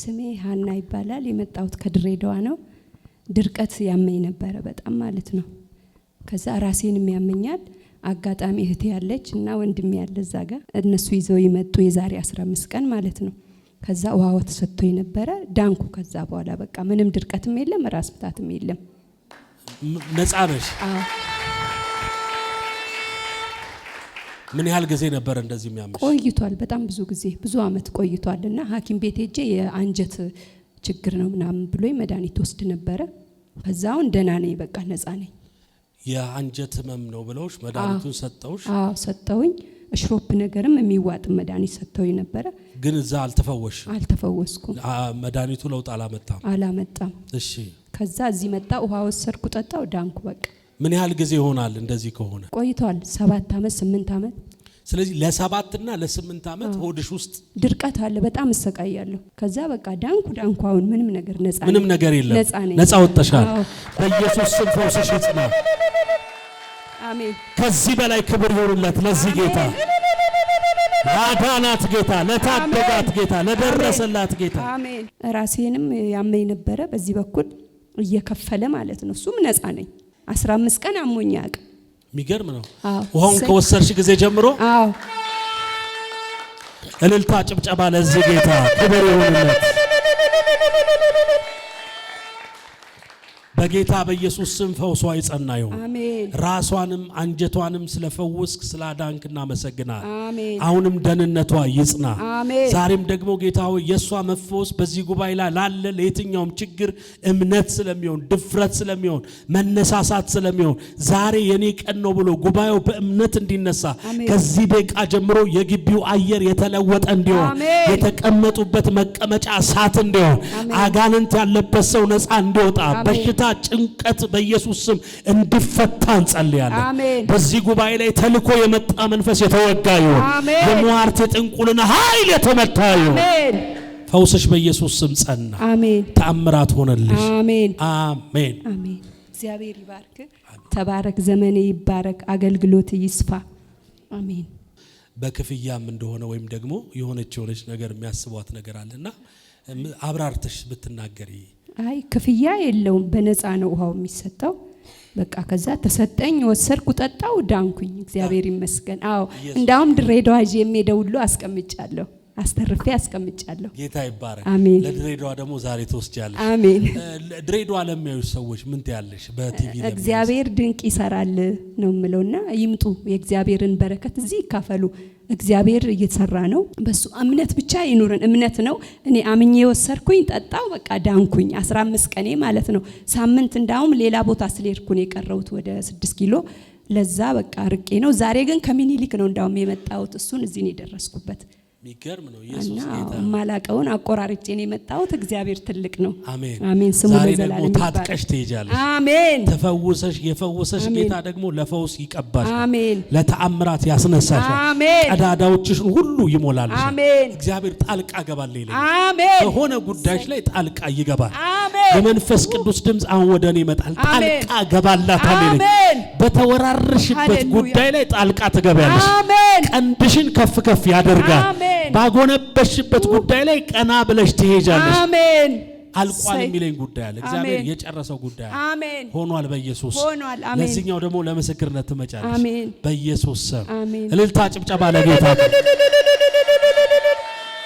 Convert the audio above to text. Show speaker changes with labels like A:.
A: ስሜ ሀና ይባላል። የመጣሁት ከድሬዳዋ ነው። ድርቀት ያመኝ ነበረ በጣም ማለት ነው። ከዛ ራሴንም ያመኛል። አጋጣሚ እህቴ ያለች እና ወንድም ያለ እዛ ጋር እነሱ ይዘው የመጡ የዛሬ 15 ቀን ማለት ነው። ከዛ ውሃ ተሰጥቶ የነበረ ዳንኩ። ከዛ በኋላ በቃ ምንም ድርቀትም የለም ራስ ምታትም የለም።
B: ነጻ ነሽ? ምን ያህል ጊዜ ነበር እንደዚህ የሚያምሽ?
A: ቆይቷል፣ በጣም ብዙ ጊዜ ብዙ አመት ቆይቷል። እና ሐኪም ቤት ሄጄ የአንጀት ችግር ነው ምናምን ብሎ መድኃኒት ወስድ ነበረ። ከዛ አሁን ደህና ነኝ፣ በቃ ነጻ ነኝ።
B: የአንጀት ህመም ነው ብለውሽ መድኃኒቱን ሰጠውሽ?
A: አዎ ሰጠውኝ። እሽሮፕ ነገርም የሚዋጥ መድኃኒት ሰጥተው ነበረ፣
B: ግን እዛ አልተፈወሽ?
A: አልተፈወስኩም።
B: መድኃኒቱ ለውጥ አላመጣም?
A: አላመጣም። እሺ። ከዛ እዚህ መጣ፣ ውሃ ወሰድኩ፣ ጠጣው፣ ዳንኩ በቃ
B: ምን ያህል ጊዜ ይሆናል እንደዚህ ከሆነ
A: ቆይቷል? ሰባት ዓመት ስምንት ዓመት።
B: ስለዚህ ለሰባትና ለስምንት ዓመት ሆድሽ ውስጥ
A: ድርቀት አለ። በጣም እሰቃያለሁ። ከዛ በቃ ዳንኩ ዳንኩ። አሁን ምንም ነገር ነጻ
B: ምንም ነገር የለም። ነጻ ወጥተሻል። በኢየሱስ ስም ፈውስሽ ይጽና። አሜን። ከዚህ በላይ ክብር ይሁንለት ለዚህ ጌታ ለአዳናት ጌታ ለታደጋት ጌታ ለደረሰላት ጌታ
A: አሜን። ራሴንም ያመኝ ነበረ በዚህ በኩል እየከፈለ ማለት ነው። እሱም ነጻ ነኝ። አስራ አምስት ቀን አሞኝ አያውቅም።
B: የሚገርም ነው። ውሃውን ከወሰድሽ ጊዜ ጀምሮ እልልታ፣ ጭብጨባ ለዚህ ጌታ ክብር ይሁንለት። በጌታ በኢየሱስ ስም ፈውሷ ይጸና ይሁን። ራሷንም አንጀቷንም ስለፈወስክ ስላዳንክ እናመሰግናል። አሁንም ደህንነቷ ይጽና። ዛሬም ደግሞ ጌታ ሆይ የእሷ መፈወስ በዚህ ጉባኤ ላይ ላለ ለየትኛውም ችግር እምነት ስለሚሆን ድፍረት ስለሚሆን መነሳሳት ስለሚሆን ዛሬ የኔ ቀን ነው ብሎ ጉባኤው በእምነት እንዲነሳ ከዚህ ደቂቃ ጀምሮ የግቢው አየር የተለወጠ እንዲሆን የተቀመጡበት መቀመጫ እሳት እንዲሆን አጋንንት ያለበት ሰው ነፃ እንዲወጣ በሽታ ጭንቀት በኢየሱስ ስም እንዲፈታ እንጸልያለን። በዚህ ጉባኤ ላይ ተልኮ የመጣ መንፈስ የተወጋ ይሁን። የሟርት ጥንቁልና ኃይል የተመታ ይሁን። ፈውስሽ በኢየሱስ ስም ጸና። ተአምራት ሆነልሽ። አሜን፣ አሜን፣
A: አሜን። እግዚአብሔር ይባርክ። ተባረክ። ዘመኔ ይባረክ። አገልግሎት ይስፋ። አሜን።
B: በክፍያም እንደሆነ ወይም ደግሞ የሆነች የሆነች ነገር የሚያስቧት ነገር አለና አብራርተሽ ብትናገሪ።
A: አይ ክፍያ የለውም፣ በነፃ ነው ውሃው የሚሰጠው። በቃ ከዛ ተሰጠኝ፣ ወሰድኩ፣ ጠጣው፣ ዳንኩኝ። እግዚአብሔር ይመስገን። አዎ እንዳውም ድሬዳዋ የሚሄደው ሁሉ አስቀምጫለሁ አስተርፌ አስቀምጫለሁ።
B: ጌታ ይባረክ። አሜን። ለድሬዳዋ ደግሞ ዛሬ ትወስጃለሽ። አሜን። ድሬዳዋ ለሚያዩ ሰዎች ምን ትያለሽ? በቲቪ
A: እግዚአብሔር ድንቅ ይሰራል ነው የምለውና ይምጡ የእግዚአብሔርን በረከት እዚህ ይካፈሉ። እግዚአብሔር እየተሰራ ነው። በሱ እምነት ብቻ ይኑርን እምነት ነው። እኔ አምኜ የወሰድኩኝ ጠጣው፣ በቃ ዳንኩኝ። 15 ቀኔ ማለት ነው። ሳምንት እንዳውም ሌላ ቦታ ስለሄድኩን የቀረውት ወደ 6 ኪሎ ለዛ በቃ ርቄ ነው። ዛሬ ግን ከሚኒሊክ ነው እንዳውም የመጣሁት። እሱን እዚህ ነው የደረስኩበት።
B: የሚገርም ነው። ኢየሱስ ጌታ
A: ማላቀውን አቆራርጬ ነው የመጣሁት። እግዚአብሔር ትልቅ ነው። አሜን አሜን።
B: ስሙ ለዘላለም ደግሞ ታጥቀሽ ትሄጃለሽ። አሜን። ተፈውሰሽ የፈወሰሽ ጌታ ደግሞ ለፈውስ ይቀባሽ። አሜን። ለተአምራት ያስነሳሽ። አሜን። ቀዳዳዎችሽን ሁሉ ይሞላልሽ። አሜን። እግዚአብሔር ጣልቃ ገባል
A: ይለኝ። አሜን።
B: በሆነ ጉዳዮች ላይ ጣልቃ ይገባል። አሜን። የመንፈስ ቅዱስ ድምፅ አሁን ወደ እኔ ይመጣል። ጣልቃ ገባላታል አሜን። በተወራርሽበት ጉዳይ ላይ ጣልቃ
A: አሜን።
B: ቀንድሽን ከፍ ከፍ ያደርጋል። አሜን። ባጎነበሽበት ጉዳይ ላይ ቀና ብለሽ ትሄጃለሽ። አሜን። አልቋል የሚለኝ ጉዳይ አለ። እግዚአብሔር የጨረሰው ጉዳይ አሜን። ሆኗል በኢየሱስ ሆኗል። አሜን። ለዚህኛው ደግሞ ለምስክርነት ትመጫለሽ። አሜን። በኢየሱስ ስም እልልታ፣ ጭብጨባ ለጌታ